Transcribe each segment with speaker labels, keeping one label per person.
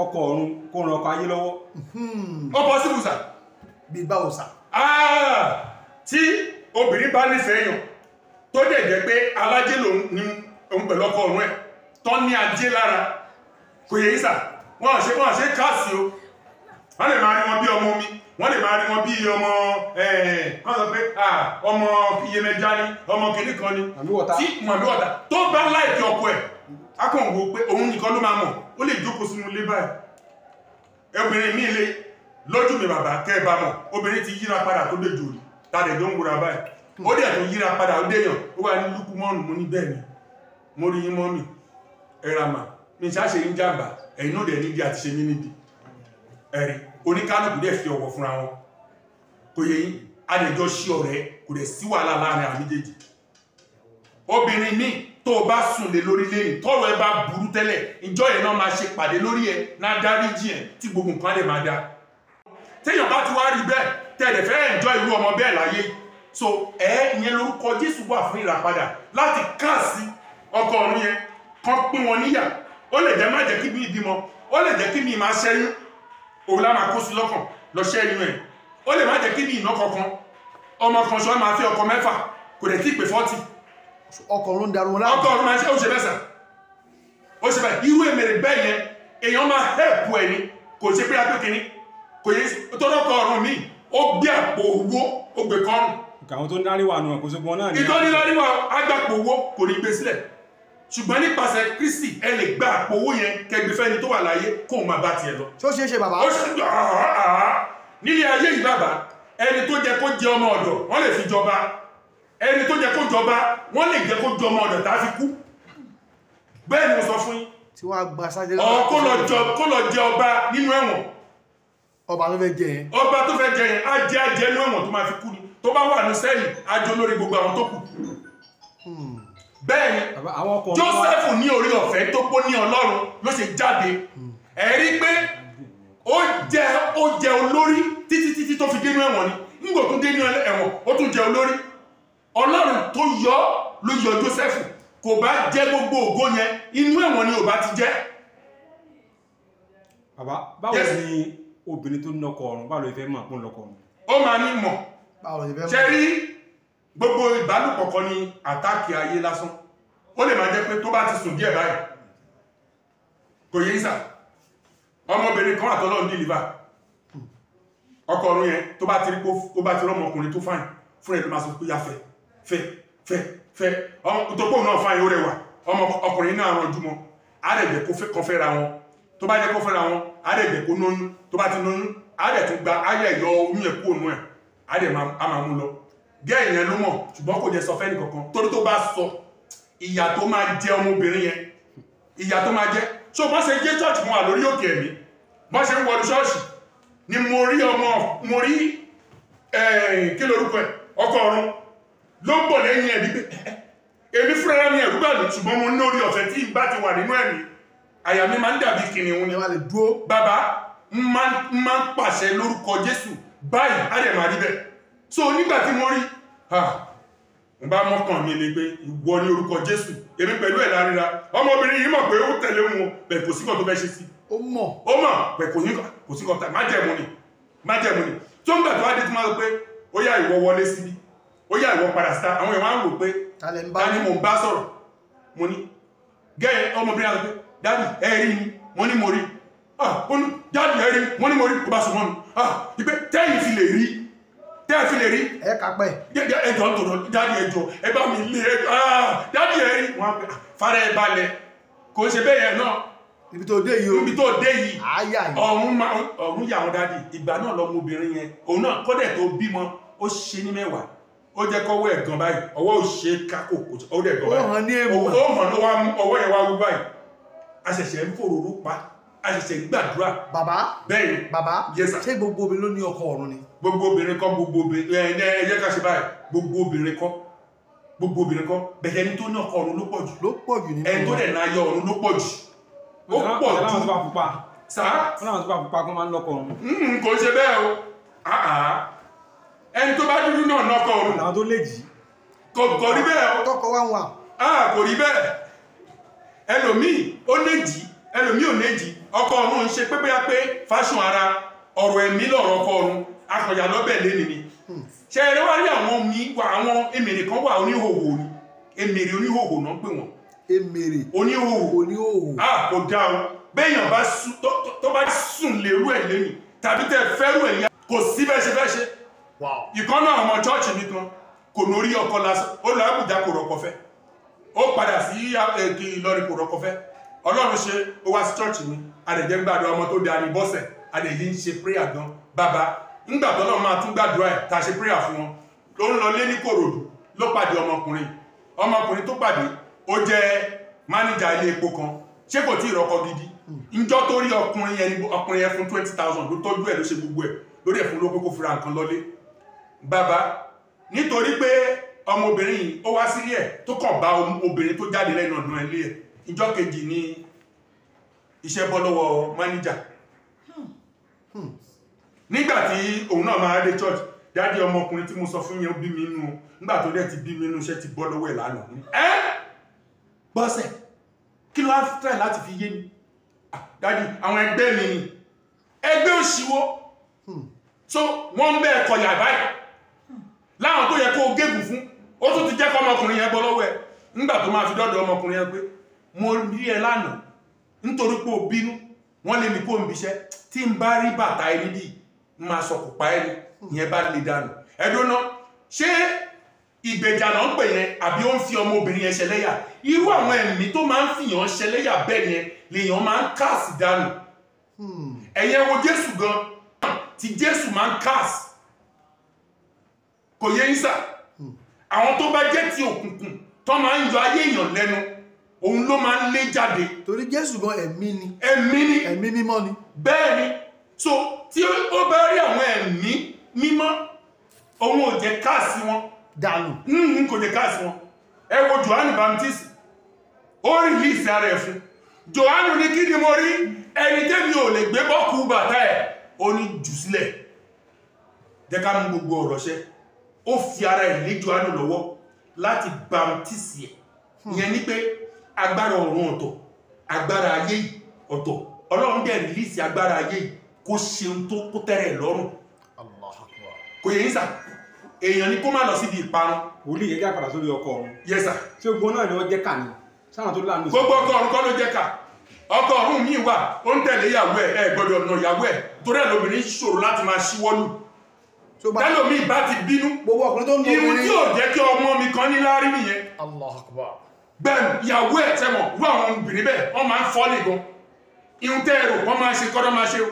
Speaker 1: ọkọ̀ ọ̀run kó ran ọkọ̀ ayé lọ́wọ́
Speaker 2: hmm.
Speaker 1: ọkọ̀ sí bùsà. gbígbá òsà. Ah, tí obìnrin bá nífẹ̀ẹ́ yàn tó dẹ̀ jẹ́ pé alájẹ́ lòun ní òun pẹ̀lú ọkọ̀ ọ̀run ẹ̀ tọ́ ní ajé lára kò yẹ ìsà wọ́n ṣe wọ́n ṣe káàsì o wọ́n lè máa rí wọn bí ọmọ omi wọ́n lè máa rí wọn bí ọmọ wọ́n sọ pé ọmọ iyemẹja ni ọmọ kìnnì kan ni tí màmí wọ̀ta tó bá láìpẹ́ ọkọ ẹ̀ á pé òun nìkan ló máa mọ̀ ó lè jókòó sínú ilé báyìí obìnrin mi lè lójú mi bàbá ti yíra padà tó dèjò rí tàdé tó ń wura báyìí ó dẹ̀ tó yíra padà ó dèyàn ó wà ní lukú mọ́ọ̀nù mo ní bẹ́ẹ̀ ni mo rí yín mọ́mì mi ń náà dẹ̀ níbi àti ṣe níbi dẹ̀ fi ọ̀wọ̀ fúnra wọn kò yẹ yín ọ̀rẹ́ kò dẹ̀ tó o bá sùn lé lórí lẹ́yìn tọ́rọ̀ ẹ bá burú tẹ́lẹ̀ ìjọ yẹn náà máa ṣe pàdé lórí ẹ náà dáríjì ẹ tí gbogbo nǹkan lè máa da téèyàn bá ti wá rí bẹ́ẹ̀ tẹ̀lẹ̀ fẹ́ ìjọ irú ọmọ bẹ́ẹ̀ láyé so ẹ ìyẹn lórúkọ Jésù wà fún ìràpadà láti káàsì ọkọ ọ̀run yẹn kan pín wọn níyà ó lè jẹ́ má jẹ́ kí mi ìbímọ ó lè jẹ́ kí mi máa ṣẹ́yún òun lá máa kó sí lọ́kàn lọ ṣẹ́yún ẹ̀ ó lè má jẹ́ kí mi ìná kankan ọmọ kan ṣọ́ máa fẹ́ ọkọ mẹ́fà kò dẹ̀ tí ì pè fọ́tì
Speaker 2: ọkọ̀ ló ń darun láàmú. ọkọ̀ ọ̀run àti oṣù mẹ́sàn
Speaker 1: ó ṣe báyìí irú èmèrè bẹ́ẹ̀ yẹn èèyàn máa hẹ́ẹ̀pù ẹ̀ ni kò ṣe pé apẹ́ kìíní kò yẹ tọ́lọ́ kọ ọ̀run mi ó gbé àpò owó ó gbé kọ́rùn. àwọn tó ń darí wà nù ẹ̀ kò ṣe gbọ́n náà ni. ìtọ́ni lórí wa agbápò owó kò ní gbé sílẹ̀ ṣùgbọ́n nípasẹ̀ Kristi ẹ lè gba àpò owó yẹn kẹgbẹ́ fẹ́ni tó wà láyé kó o máa bá tiẹ̀ lọ. ṣó ṣeé ṣe bàbá. ó ṣe nílé ayé yìí bàbá ẹni tó jẹ kó jẹ ọmọ ọ̀dọ̀ wọ́n lè fi jọba ẹni tó jẹ kó jọba wọ́n lè jẹ kó jọ ọmọ ọ̀dọ̀ tá fi kú bẹ́ẹ̀ ni mo sọ fún yín
Speaker 2: tí wọ́n gba sájẹ́ lọ́wọ́ kó lọ jẹ ọba
Speaker 1: nínú ẹ̀wọ̀n ọba tó fẹ́ jẹ yẹn ọba tó fẹ́ jẹ yẹn á jẹ ajẹ nínú ẹ̀wọ̀n tó máa fi kú ni tó bá wà ní sẹ́yìn ajo lórí gbogbo àwọn tó kù hmm. bẹ́ẹ̀ ni Joseph ní orí ọ̀fẹ́ tó pọ̀ ní Ọlọ́run ló ṣe jáde hmm. ẹ̀rí pé ó jẹ olórí títí títí tó fi dénú ẹ̀wọ̀n ni nígbà tó dénú ẹ̀wọ̀n ó tún jẹ olórí ọlọ́run tó yọ ló yọ Joseph kò bá jẹ́ gbogbo ògo yẹn inú ẹ̀wọ̀n ni ò bá ti jẹ́ bàbá báwo ni obìnrin tó nọkọ ọ̀run báwo ló fẹ́ mọ̀ pún lọkọ ọ̀run ó máa ní mọ̀ ṣe rí gbogbo ìbálòpọ̀ kan ní àtàkì ayé lásán ó lè máa jẹ́ pé tó bá ti sùn díẹ̀ báyìí kò yé ìsà ọmọbìnrin kan àtọ́lọ́ ń dìlìbà ọkọ ọ̀run yẹn tó bá ti rọ́mọkùnrin tó fáìn fún ẹ̀ ló máa sọ pé yáfẹ́ fẹ́ fẹ́ fẹ́ ọtọ́pọ̀ náà fáyín ó rẹwà ọmọ ọkùnrin náà ràn jùmọ̀ àrẹ̀gbẹ̀ kó fẹ́ wọn tó bá jẹ́ kọfẹ́ra wọn àrẹ̀gbẹ̀ kó nóyún tó bá ti nóyún àrẹ̀ tún gba ayẹ̀ yọ oyún ẹ̀kú ònú ẹ̀ àrẹ̀ a máa mú lọ gẹ́ ìyẹn ló mọ̀ ṣùgbọ́n kò jẹ́ sọ fẹ́ nìkankan torí tó bá sọ ìyà tó máa jẹ ọmọbìnrin yẹn ìyà tó máa jẹ so bọ́n ṣe jẹ́ church wọn àlórí òkè ẹ̀mí bọ́n ṣe ń wọlú ṣọ́ọ̀ṣì ni mo rí ọmọ mo rí eh, kí lorúkọ ẹ̀ ọkọ ọ̀run ló ń bọ̀ lẹ́yìn ẹ̀rí pé èmi fúnra mi ẹ̀rú bàlù ṣùgbọ́n mo ní orí ọ̀fẹ́ tí ìgbà ti wà nínú ẹ̀mí àyà mi máa ń dàbí kìnìún ni wà lè dúró bàbá máa ń pàṣẹ lórúkọ Jésù báyìí á dẹ̀ máa rí bẹ́ẹ̀ so nígbà tí mo rí n bá mọ́kàn mi ni pé ìwọ ní orúkọ Jésù èmi pẹ̀lú ẹ̀ lárira ọmọbìnrin yìí mọ̀ pé ó tẹ̀lé wọn bẹ̀ kò sí kan tó fẹ́ ṣe sí ó mọ̀ ó mọ̀ pẹ̀ kò sí kan tá má jẹ̀mú ni má jẹ̀mú ni tó ń gbà tó wá dé tí máa sọ pé ó yá ìwọ wọlé síbi ó yà ìwọ padà síta àwọn èèyàn wá ń rò pé dání mo bá sọ̀rọ̀ mo ní gẹ́ ọmọbìnrin àti dádì ẹ̀rí ni mo ní mo rí ah, dádì ẹ̀rí mo ní mo rí kó bá sọ mọ́ mi ah, ìpé tẹ́yìn fi lè rí tẹ́yìn fi lè rí ẹjọ́ tòrò dádì ẹjọ́ ẹ bá mi lé ah, dádì ẹ̀rí wọn á pẹ́ fara ẹ balẹ̀ kò ṣe bẹ́ẹ̀ yẹn náà ibi tó dé yìí ibi tó dé yìí ọ̀run yà wọn dádì ìgbà náà lọ́mọbìnrin yẹn òun náà kọ́dẹ̀ tó bímọ ó ṣe ní mẹ́wàá ó jẹ́ kọ́wọ́ ẹ̀ gan báyìí ọwọ́ ò ṣe kákò kò tó ọwọ́ ẹ̀ gan báyìí ó hàn ní èèmọ̀ ó hàn ló wá mú ọwọ́ yẹn wá wú báyìí àṣẹ̀ṣẹ̀ ń fòròrò pa àṣẹ̀ṣẹ̀ ń gbàdúrà. bàbá bẹ́ẹ̀ bàbá ṣé gbogbo obìnrin ló ní ọkọ ọ̀run ni. gbogbo obìnrin kọ́ gbogbo obìnrin ẹ ẹ ẹ jẹ́ ká ṣe báyìí gbogbo obìnrin kọ́ gbogbo obìnrin kọ́ bẹ̀yẹ ní tó ní ọkọ ọ̀run ló pọ̀ jù. ló pọ̀ jù nínú ẹni tó dẹ̀ náà ń lọ́kọ ọ̀run. Hmm, kò ṣe bẹ́ẹ̀ o ah, ah ẹni tó bá dúdú náà nọkọ òun. àwọn tó lè jì. kò kò rí bẹ́ẹ̀ o. tọkọ wa wà. kò rí bẹ́ẹ̀ ẹlòmíì ó lè jì ẹlòmíì ò lè jì ọkọ ọ̀run ń ṣe pépéyà pé fásùn ara ọ̀rọ̀ ẹ̀mí lọ̀rọ̀ ọkọ ọ̀run akọ̀yà lọ́bẹ̀ lẹ́nu ni. Hmm. ṣe eré wá rí àwọn mi wà àwọn èmèrè kan wà oníhòhò ni èmèrè oníhòhò náà pè wọ́n. èmèrè oníhòhò oníhòhò. a kò dá o béèyàn bá sùn tó bá sùn lérú ẹ̀ lẹ́nu tàbí tẹ fẹ́rù ẹ̀ yá kò sí bẹ́ẹ̀ ṣe bẹ́ẹ̀ ṣe
Speaker 2: ìkan náà ọmọ chọ́ọ̀chì
Speaker 1: mi kan kò lórí ọkọ lásán ó lọ Àbújá kò rọkọ fẹ́ ó padà sí èkì eh, Ìlọrin kò rọkọ fẹ́ Ọlọ́run ṣe ó wá sí chọ́ọ̀chì mi àdẹ̀jẹ́ gbàdúrà ọmọ tó darí bọ́sẹ̀ àdẹ̀yí ń ṣe prayer gan bàbá ńgbà tọ́lọ́ máa tún gbàdúrà ẹ̀ tá ṣe prayer fún wọn ló ń lọ lé ní Kòròdú ló pàdé ọmọkùnrin ọmọkùnrin tó pàdé ó jẹ́ mánéjà ilé epo kan ṣé kò tí ì rọkọ gidi hmm. njọ́ tó rí ọkùnrin ọkùnrin yẹn fún twenty thousand ló tọ́jú ẹ̀ ló ṣe gbogbo ẹ̀ lórí ẹ̀fún ló kókó fura nǹkan lọ́lé bàbá nítorí pé ọmọbìnrin yìí ó wá sílé ẹ̀ tó kàn bá obìnrin tó jáde lẹ́nu ọ̀nà ilé ẹ̀ ìjọ kejì ni iṣẹ́ bọ́ lọ́wọ́ máníjà hmm. hmm. nígbàtí òun náà máa dé church dáadé ọmọkùnrin tí mo sọ fún yẹn bí mi nú nígbà tó dẹ̀ ti bí mi nú iṣẹ́ ti bọ́ lọ́wọ́ ẹ̀ lánàá ẹ́ bọ́sẹ̀ kí ló á láti fi yé mi ah, dáadé àwọn ẹgbẹ́ mi ni ẹgbẹ́ òṣìwọ́ hmm. so wọ́n ń bẹ́ẹ̀ kọyà báyìí láwọn tó yẹ kó gégùn fún ó tún ti jẹ́ ọmọkùnrin yẹn gbọ́ lọ́wọ́ ẹ̀ nígbà tó máa fi dọ́dọ̀ ọmọkùnrin yẹn pé mo rí ẹ lánàá nítorí pé bínú wọ́n lè kó ń bíṣẹ́ tí n bá rí bàtà ẹni máa sọ ẹni bá lè dànù ṣé ìgbèjà náà àbí ó ń ọmọbìnrin yẹn ṣẹlẹ́yà irú àwọn ẹ̀mí tó máa ń ṣẹlẹ́yà bẹ́ẹ̀ kò yé yín sà àwọn tó bá jẹ́ ti òkùnkùn tó máa ń yọ ayé èèyàn lẹ́nu òun ló máa ń lé jáde torí Jésù gan ẹ̀mí ni ẹ̀mí ni ẹ̀mí mímọ́ ni bẹ́ẹ̀ ni so tí ó bá rí àwọn ẹ̀mí mímọ́ òun ò jẹ́ káàsì wọn dànù nínú kò jẹ́ káàsì wọn ẹ wo Johannu Baptist ó rí lìsì ara ẹ̀ fún Johannu ní kí ni mo rí ẹni tẹ́mi ò lè gbé bọ́ọ̀kú bàtà ẹ̀ ó ní jù sílẹ̀ jẹ́ ká mú gbogbo ọ̀rọ̀ ṣẹ́ ó fi ara ẹ̀ lé Jòhánù lọ́wọ́ láti bamtisi ẹ̀ ìyẹn ni pé agbára ọ̀run ọ̀tọ̀ agbára ayé ọ̀tọ̀ ọlọ́run dẹ̀ rìlíìsì agbára ayé kó ṣeun tó kó tẹ́rẹ̀ lọ́rùn kò yẹ yín sà èèyàn ni kó má lọ síbi ìparun. wòlíì yẹn jáfara sórí ọkọ ọ̀run. yẹ sà. ṣé gbogbo náà ni wọ́n jẹ́ kà ni sáwọn tó lánàá. gbogbo ọkọ ọ̀run kọ́ ló jẹ́ kà ọkọ ọ̀run mi wà ó ń tẹ̀lé ìyàwó ẹ̀ ẹ̀ gbọ́dọ̀ ọ̀nà ìyàwó ẹ̀ torí ẹ̀ lóbìnrin ṣòro láti máa ṣíwọ́lù tẹ́lòmí bá ti bínú gbogbo ọkùnrin tó ń gbogbo irun tí ò jẹ́ kí ọmọ mi kan ní láárí nìyẹn Allahu Akbar bẹ́ẹ̀ ìyàwó ẹ̀ tẹ́mọ̀ wú àwọn obìnrin bẹ́ẹ̀ wọ́n gan irun tẹ́ ẹ̀rọ wọ́n máa ṣe kọ́dọ́ máa ṣe o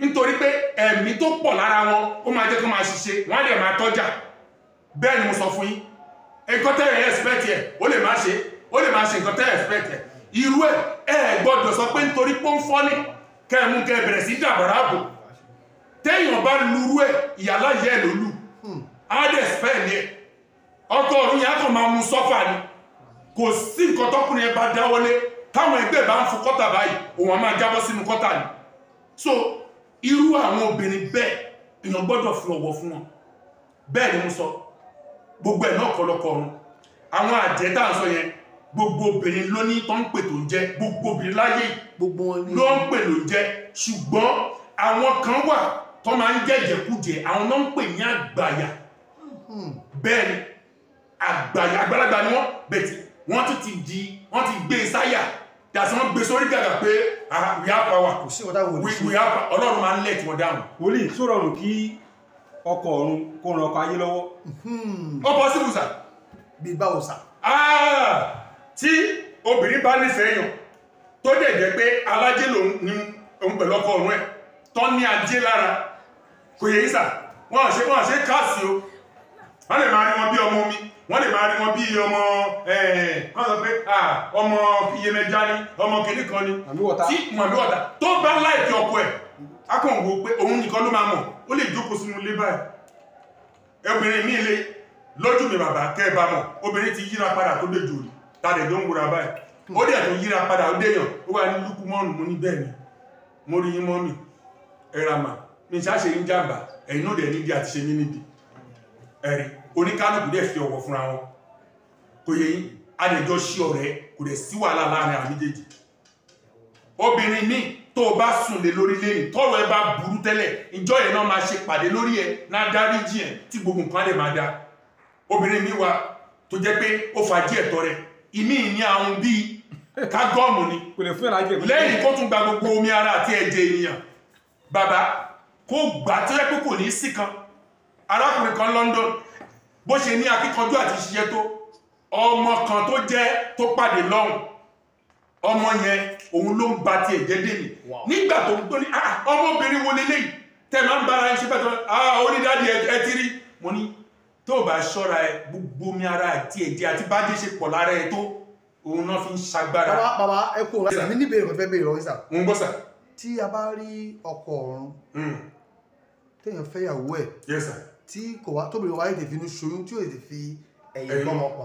Speaker 1: nítorí pé ẹ̀mí tó pọ̀ lára wọn ó máa jẹ́ kó máa ṣiṣẹ́ wọ́n á lè máa tọ́jà bẹ́ẹ̀ ni mo sọ fún yín nǹkan tẹ́ ẹ̀ expect ẹ̀ ó lè máa ṣe ó lè máa ṣe nǹkan tẹ́ ẹ̀ expect ẹ̀ irú ẹ̀ ẹ̀ gbọ́dọ̀ sọ pé nítorí pé ó ń fọ́lì kẹ́ ẹ̀ mú kẹ́ ẹ̀ bẹ̀rẹ̀ sí téèyàn bá lurú ẹ̀ ìyàlá yẹ ẹ̀ lólù hades hmm. fẹ́ẹ̀ ni ẹ̀ ọkọ ọ̀run yẹn á kàn máa mu sọ́fà ni kò sí nǹkan tọkùnrin ẹ bá dáwọ́lé táwọn ẹgbẹ́ bá ń fún kọ́tà báyìí òun á máa jábọ́ sínú kọ́tà ni so irú àwọn obìnrin bẹ́ẹ̀ èèyàn gbọ́dọ̀ fi ọ̀wọ̀ fún wọn bẹ́ẹ̀ ni mo sọ gbogbo ẹ̀ náà kọlọkọ ọ̀run àwọn àjẹ́ tá à ń sọ yẹn gbogbo obìnrin ló ní tó ń pè tó ń jẹ gbogbo obìnrin láyé ló ń pè ló ń jẹ ṣùgbọ́n àwọn kan wà tó máa ń jẹ́jẹ̀kújẹ àwọn náà ń pè ní àgbàyà hmm. bẹ́ẹ̀ ni àgbàyà àgbàlagbà ni wọ́n bẹ̀tì wọ́n ti ti di wọ́n ti gbé e sáyà dàtí wọ́n gbé e sórí gàgà pé ah, we have power kò sí ọ̀dá wòlíì sí ọlọ́run máa ń lẹ̀ tí wọ́n dáhùn wòlíì tó rọrùn kí ọkọ̀ ọ̀run kó ran ọkọ̀ ayé lọ́wọ́ ọkọ̀ sí bùsà pẹ̀lú ọkọ̀ ọ̀run ẹ̀ tọ́ ní ajé lára kò yẹ yísà wọ́n ṣe wọ́n ṣe káàsì o wọ́n lè máa rí wọn bí ọmọ omi wọ́n lè máa rí wọn bí ọmọ wọ́n sọ pé ọmọ iyemẹja ni ọmọ kìnní kan ni tí mọ̀mí wọ̀ta tó bá láìkí ọkọ ẹ̀ akọ̀wò pé òun nìkan ló máa mọ̀ ó lè jókòó sínú ilé báyìí obìnrin mi le lójú mi bàbá kẹ́ẹ̀bá mọ̀ obìnrin ti yíra padà tó dé jòrì tàdé tó ń gbòrà báyìí ó dẹ̀ tó yíra padà ó déyàn ó wà ní lúkú mo ní bẹ́ẹ̀ ni mo rí yín mọ́mì ẹ̀ràmà mi ṣá ṣe ń jàǹbá ẹ̀yin náà dẹ̀ níbi àti ṣe mí níbi ẹ̀rí oníkálùkù dẹ̀ fi ọ̀wọ̀ fúnra wọn kò yẹ yín adẹjọ́ sí ọ̀rẹ́ kò dẹ̀ sí wàhálà láàrin àwọn méjèèjì obìnrin míì tó o bá sùn lé lórí lẹ́yìn tọ́rọ̀ ẹ bá burú tẹ́lẹ̀ ìjọ yẹn náà máa ṣe pàdé lórí ẹ náà dáríjì ẹ tí gbogbo nǹkan lè máa dáa obìnrin míì wà tó jẹ́ pé ó fàájì ẹ̀tọ́ rẹ̀ ìmí ní àwọn bíi kágọ́ọ̀mù ni lẹ́yìn kó tún gba gbogbo omi ara àti ẹ̀jẹ̀ ènìyàn bàbá kó gbà tó yẹ pé kò ní sí kan arákùnrin kan London bó ṣe ní akíkanjú àti ṣiṣẹ́ tó ọmọ kan tó jẹ́ tó pàdé lọ́hùn ọmọ yẹn òun ló ń ba tiẹ̀ jẹ́ dèmi nígbà tó ń tó ní ah, ọmọbìnrin wo leléyìí tẹ̀ máa ń bára ẹ ṣe bẹ́ẹ̀ tó ah, onídàádi ẹ ti rí mo ní tó bá ṣọ́ra ẹ gbogbo mi ara àti ẹ̀jẹ̀ àti bájẹ́ ṣe pọ̀ lára ẹ tó òun náà fi ń ṣagbára. bàbá bàbá ẹ kú ọ̀rọ̀ mi níbèrè kan fẹ́ bèrè ọ̀rọ̀ sà. ń gbọ́ sà. tí a bá rí ọkọ̀ ọ̀run hmm téèyàn fẹ́ yàwó ẹ̀ tí kò wá tóbi wá ètè fi inú ṣoyún tí ò ètè fi ẹ̀yìn lọ́mọ pọ̀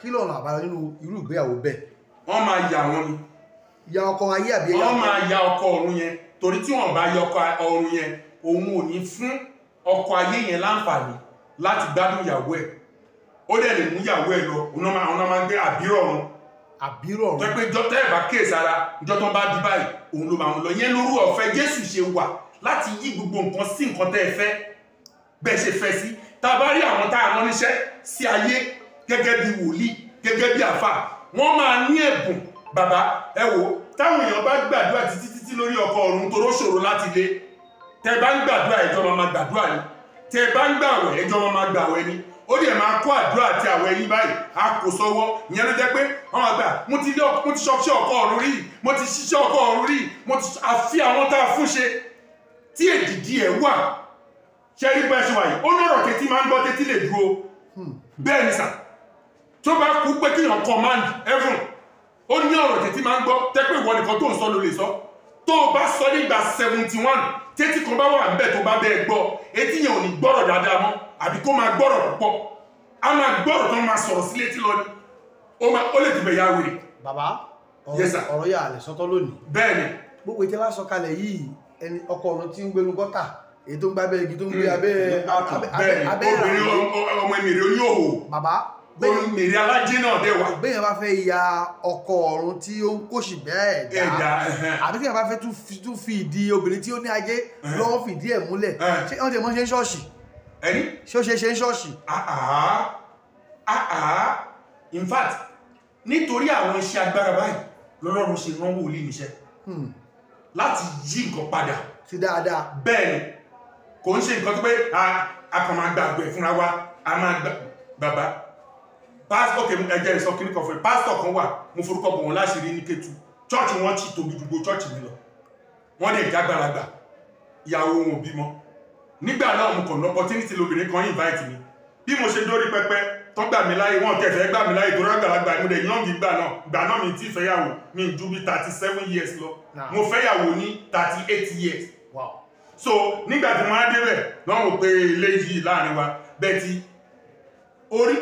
Speaker 1: kí lọ́nà àbáyọ nínú irú ìgbéyàwó bẹ́ẹ̀. wọ́n máa yà wọ́n ni. ya ọkọ ayé àbí ẹ̀yà ọkọ. wọ́n máa ya ọkọ ọ̀run yẹn torí tí wọ́n bá ya ọkọ ọ̀run yẹn òun ò ní fún ọkọ ayé yẹn láǹfààní láti gbádùn ìyàwó ẹ̀ ó dẹ̀ lè mú ìyàwó ẹ̀ lọ òun náà máa ń gbé àbírọ̀ ọ̀run àbírọ̀ ọ̀run. tọ́pẹ́ jọ́tẹ́ láti yí gbogbo nǹkan sí nǹkan tẹ́ ẹ fẹ́ bẹ́ẹ̀ ṣe fẹ́ sí tá a bá rí àwọn tá a rán níṣẹ́ sí ayé gẹ́gẹ́ bí wòlíì gẹ́gẹ́ bí àfà wọ́n máa ní ẹ̀bùn bàbá ẹ wò táwọn èèyàn bá gbàdúrà títí títí lórí ọkọ ọ̀run toró ṣòro láti lé tẹ bá ń gbàdúrà ẹjọ́ máa máa gbàdúrà ni tẹ bá ń gbàwẹ̀ ẹjọ́ máa máa gbàwẹ̀ ni ó dẹ̀ máa kó àdúrà àti àwẹ̀ yín báyìí a kò sọ́wọ́ ìyẹn ló jẹ́ pé àwọn àgbà mo ti ṣọ́ṣẹ́ ọkọ ọ̀run rí mo ti ṣiṣẹ́ ọkọ ọ̀run rí mo ti àfi àwọn tá a fún ṣe tí èdìdí ẹ̀ wà ṣẹ́rí bẹ́ẹ̀ ṣe wà yìí ó lọ́rọ̀ tẹ́tí máa ń gbọ́ tẹ́tí lè dúró hmm. bẹ́ẹ̀ ni sà tó bá kú pé kíyàn command heaven ó ní ọ̀rọ̀ tẹ́tí máa ń gbọ́ tẹ́pẹ́ ìwọ nìkan tó ń sọ ló lè sọ tó bá sọ nígbà seventy one tẹ́tí kan bá wà bẹ́ẹ̀ tó bá bẹ́ẹ̀ gbọ́ etí yẹn ò ní gbọ́rọ̀ dáadáa mọ́ àbí kó máa gbọ́rọ̀ púpọ̀ a máa gbọ́rọ̀ tó máa sọ̀rọ̀ sí létí lọ ni ó lè dìbẹ̀ yá wèrè. bàbá ọ̀rọ̀ yà á lónìí. bẹ́ẹ̀ gbogbo ìtẹ́lá sọ kalẹ̀ yìí ẹni ọkọ ọ̀run tí ń gbénu gọ́tà èyí tó ń gbábẹ́ igi tó ń gbé hmm. abẹ́ abẹ́ ìrànlọ́ ọmọ ìmìrì oníhòhò bàbá mèrì alájẹ́ náà dẹ̀ wá. bẹ́ẹ̀ bá fẹ́ ya ọkọ ọ̀run tí ó ń kóṣì bẹ́ẹ̀ dá àbí a bá fẹ́ tún fi ìdí obìnrin tí ó ní ajé lọ́wọ́ fìdí ẹ̀ múlẹ̀ ṣé wọ́n ti mọ́ ṣe ń ṣọ́ọ̀ṣì. ẹni ṣé ó ṣe in fact nítorí àwọn iṣẹ́ agbára báyìí lọ́lọ́run ṣe rán wòlíì níṣẹ́. Hmm láti yí nǹkan padà. sí dáadáa. bẹ́ẹ̀ni kò ń ṣe nǹkan tó pé a kàn máa gbàgbé fúnra wa a máa gbà bàbá pásítọ̀ kèmí ẹ̀jẹ̀ ìsọ kìnnìkan fún mi pásítọ̀ kan wà mo forúkọ bọ̀ wọn láṣìírí ní Kétu chọ́ọ̀chì wọn ti tóbi gbogbo chọ́ọ̀chì mi lọ wọ́n lè jágbáragbà ìyàwó wọn bímọ nígbà náà mo kàn lọ́pọ̀ tí ní ti lóbìnrin kan invite mi bí mo ṣe dórí pẹpẹ tán gbà mí láyé wọn kẹfẹ́ gbà mí láyé torí àgbàlagbà mo dẹ̀ yàn gbígbà náà gbà náà mi ti fẹ́yàwó mi ju bí thirty seven years lọ mo fẹ́yàwó ní thirty eight years so nígbà tí wọ́n á débẹ̀ wọ́n rò pé eléyìí láàrin wa bẹ́ẹ̀ ti orí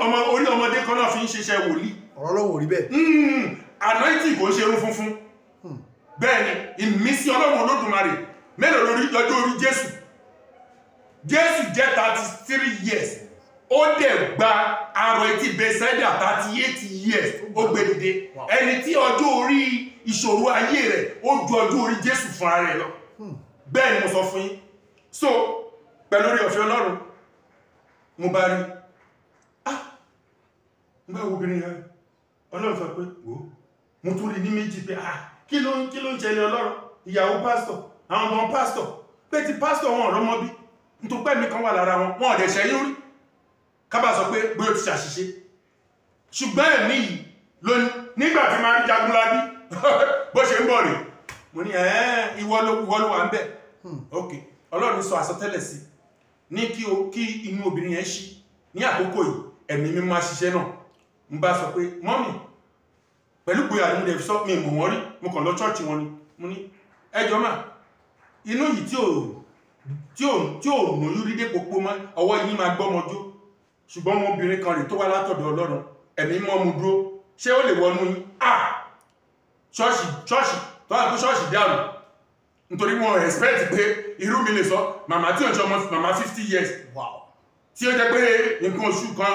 Speaker 1: ọmọdé kan náà fi ń ṣiṣẹ́ wòlíì ọ̀rọ̀ lọ́wọ́ rí bẹ́ẹ̀ hmm, anointing kò ń ṣerú funfun hmm. bẹ́ẹ̀ ni ìmísí ọlọ́run olódùmarè mélòó lórí ọjọ́ orí jésù jésù jẹ́ thirty three years ó dẹ̀ gba arọ etí bẹ́sẹ̀dà thirty eight years ó gbé dìde ẹni tí ọjọ́ orí ìṣòro ayé rẹ̀ ó ju ọjọ́ orí Jésù fúnra rẹ̀ lọ hmm. bẹ́ẹ̀ ni mo sọ fún yín so pẹ̀lú orí ọ̀fẹ́ Ọlọ́run mo bá rí ah nígbà wo obìnrin yẹn Ọlọ́run fẹ́ pé wò mo tún rí ní méjì pé ah kí ló ń kí ló ń ṣẹlẹ̀ Ọlọ́run ìyàwó pásítọ̀ àwọn ọmọ pásítọ̀ pé ti pásítọ̀ wọn ọ̀rọ̀ mọ́ bí nítorí pẹ́ẹ̀mí kan wà lára wọn wọn ọ̀dẹ̀ ṣẹ́yún rí kábà sọ pé bóyá ti ṣàṣìṣe ṣùgbọ́n ẹ̀mí yìí lónìí nígbà tí máa ń jagun lábí bó ṣe ń bọ̀ rè mo ní ìwọ ló wọ ló wà ń bẹ̀ hmm, ok ọlọ́run sọ àsọtẹ́lẹ̀ sí ní kí inú obìnrin yẹn ṣí ní àkókò yìí ẹ̀mí mi máa ṣiṣẹ́ náà ń bá sọ pé mọ́mì pẹ̀lú gbòyà ní ilẹ̀ sọ mi mọ̀ wọ́n rí mo kàn lọ chọ́ọ̀chì wọn ni mo ní ẹjọ́ mà inú yìí tí ò tí ò tí o nù yúrí dé popo mọ́ ọwọ́ yìí máa gbọ́mọjó ṣùgbọ́n ọmọbìnrin kan rèé tó wá látọ̀dọ̀ ọlọ́run ẹ̀mí mọ́ mu dúró ṣé ó lè wọnú yín à ṣọ́ọ̀ṣì ṣọ́ọ̀ṣì tó wà tó ṣọ́ọ̀ṣì dàrú nítorí wọn expect pé irú mi lè sọ màmá tí ò ń ṣe ọmọ màmá fifty years wow tí ó jẹ́ pé nǹkan oṣù kan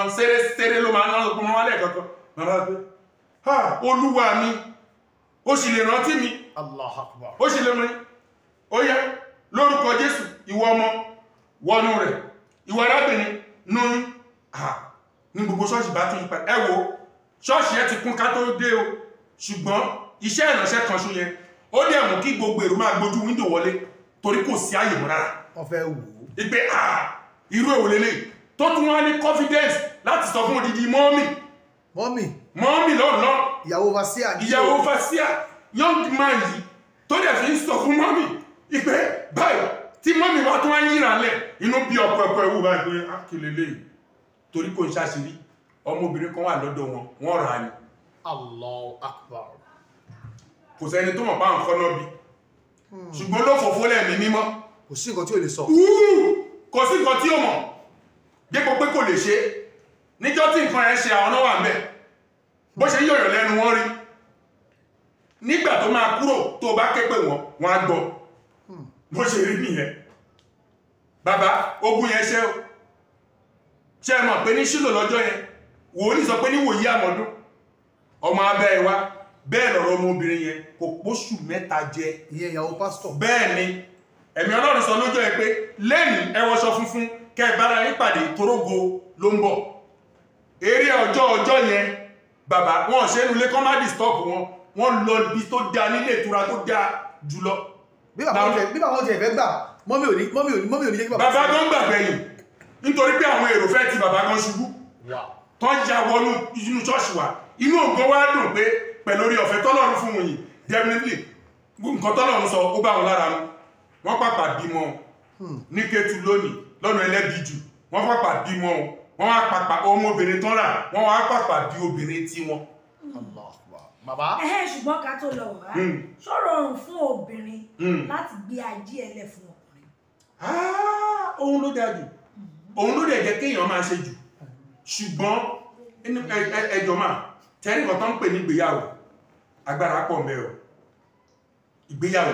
Speaker 1: ṣeré ló máa ń lọ́nà pọ̀ wálẹ̀ kankan màmá pé ha olúwa mi ó sì lè rántí mi
Speaker 2: Allah akbar
Speaker 1: ó sì lè mọ́ ó yá lórúkọ jésù ìwọ ọmọ wọnú rẹ̀ ìwọ arábìnrin nú ní gbogbo ṣọ́ọ̀ṣì bá tún ẹ wo ṣọ́ọ̀ṣì ẹ ti kún ká tó dé o ṣùgbọ́n iṣẹ́ ìránṣẹ́ kan ṣó yẹ ó dẹ̀ mú kí gbogbo èrò máa gbójú wíńdò wọlé torí kò sí àyè mọ́ rárá wọ́n fẹ́ wò ó ìpè irú èwo lélẹ̀ tó tún wá ní confidence láti sọ fún odidi mọ́mì mọ́mì mọ́mì lọ́nà
Speaker 2: ìyàwó fasia ìyàwó
Speaker 1: fasia young man yìí tó dẹ̀ fi ń sọ fún mọ́mì ìpè báyìí tí mọ́mì wá tún wá yíra lẹ̀ inú bí ọ̀pọ̀ ẹ̀pọ̀ ẹ̀wù báyìí pé á ah, kìlélẹ́yìí torí kò ń ṣàṣírí ọmọbìnrin kan wà lọ́dọ̀ wọn wọ́n rà ní Allahu Akbar kò sẹ́ni tó mọ̀ bá nǹkan náà bí hmm. ṣùgbọ́n ló fòfó lẹ́mí mímọ́ kò sí nǹkan tí ò lè sọ kò sí nǹkan tí ò mọ̀ dépò pé kò lè ṣe níjọ́ tí nǹkan ẹ̀ ṣe àwọn náà wà ń bẹ̀ bó ṣe yọ̀yọ̀ lẹ́nu wọn rí nígbà tó máa kúrò tó bá ké pè wọ́n wọ́n á gbọ́ hmm. bó ṣe rí nìyẹn bàbá ogun yẹn ṣe ṣe mọ̀ pé ní ṣílò lọ́jọ́ yẹn wòlíì sọ pé ní wòyí àmọ́dún ọmọ abẹ́ ẹ wá bẹ́ẹ̀ lọ́rọ̀ ọmọbìnrin yẹn kò pósù mẹ́ta jẹ ìyẹn ìyàwó pásítọ̀ bẹ́ẹ̀ ni ẹ̀mí ọlọ́run sọ lọ́jọ́ yẹn pé lẹ́yìn ẹwọṣọ funfun kẹ bára yín pàdé torógo ló ń bọ̀ eré ọjọ́ ọjọ́ yẹn bàbá wọn ṣe nulẹ̀ kọ́ má disturb wọn wọn lọ ibi tó dáa nílé ìtura tó dáa jùlọ. bí bàbá wọn jẹ bí bàbá wọn jẹ ìfẹ́ gbà mọ́mí ò jẹ́ kí bàbá tó ń gbàgbẹ́yìn nítorí pé àwọn èrò fẹ́ ti bàbá kan ṣubú tó ya wọnú inú ṣọ́ọ̀ṣì wa inú ògbó wa dùn pé pẹ̀lú orí ọ̀fẹ́ tọ́lọ́run fún wọn yìí definitely nǹkan tọ́lọ́run sọ ó bá wọn lára mu wọ́n pàpà bímọ hmm. ní Kétu lónìí lọ́nà ẹlẹ́bìíjù wọ́n pàpà bímọ wọ́n wá pàpà ọmọbìnrin tán rà wọ́n wá pàpà bí obìnrin tí wọn. bàbá. ẹhẹ ṣùgbọ́n ká tó lọ wá hmm. ṣọ̀rọ̀ ọ̀run fún obìnrin hmm. láti gbé ajé ẹlẹ́ fún ọkùnrin. Ah, ohun ló dáa jù òun ló dẹ̀ jẹ́ kéèyàn máa ṣe jù ṣùgbọ́n ẹjọ́ máa tẹ́rìkọ̀ tó ń pè ní ìgbéyàwó agbára pọ̀ mẹ́rọ ìgbéyàwó